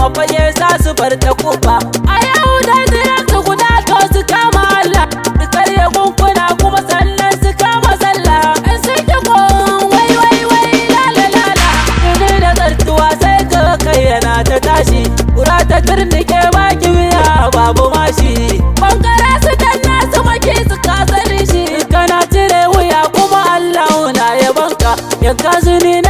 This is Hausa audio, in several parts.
mafanye za su bar ta kufa a yau da ziran su guda to su kama Allah su karya kunkuna kuma sannan su kama sallah in sun ki kun wai wai wai lala lala ni da zartuwa sai ga kai yana ta tashi kura ta turnike baki wuya babu mashi bangare su danna su maki su kasar shi kana cire wuya kuma Allah na yabanka yanka zuni na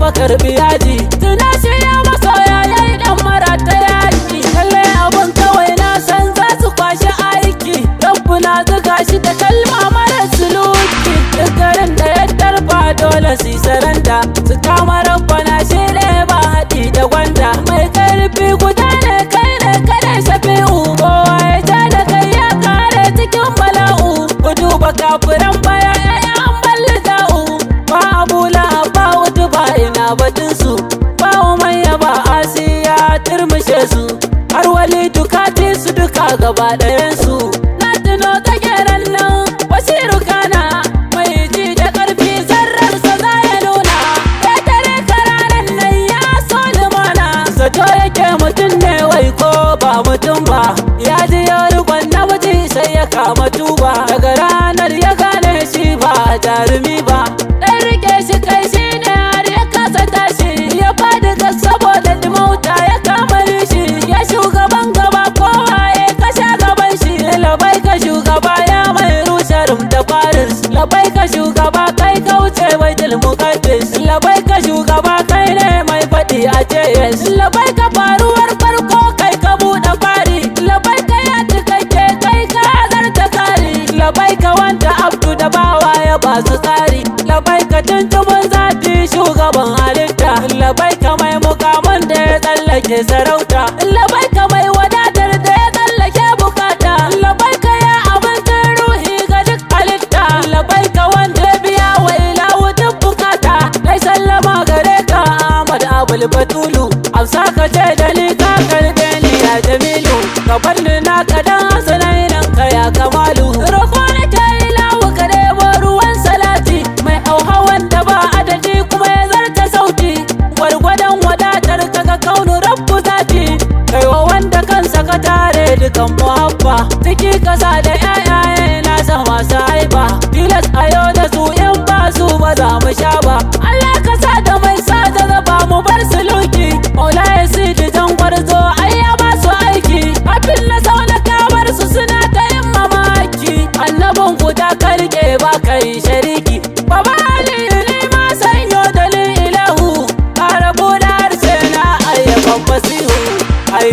fa karbi yaji tuna shirya ya yayi dan mara ta yaki kalle abun kawai na san za su kwashi aiki rabbu na zuga shi da kalma mara suluki duk da ya tarba dole su saranta, su kama rabba na shi ba haɗi da gwanda mai karfi guda ne kai ne kada shafi kowa ya ja da kai ya kare cikin bala'u ku duba kafiran baya kunshe su har wali tukati su duka gaba ɗayan su na tuno ta geran nan wasiru kana mai ji da ƙarfi zarrar sa za ya nuna ya tare kararan nan ya so limana zato yake mutum ne wai ko ba mutum ba ya ji ya rikon na sai ya kama tuba daga ranar ya gane shi ba jarumi ba ba su tsari labai ka tuntumin zafi shugaban halitta labai ka mai mukamin da ya tsallake sarauta labai ka mai wadatar da ya tsallake bukata labai ka ya abincin ruhi ga duk halitta labai ka wanda ya biya wa ila bukata na sallama gare ka ahmad abul batulu amsa ka ce da ni ka karbe ni ya jamilu ka bar ni na kadan hasanai hannu rabbu zaki kaiwa wanda kansa ka tare dukan muhabba ciki kasa da 'ya'ya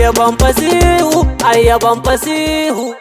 aya bampasihu aya bampasihu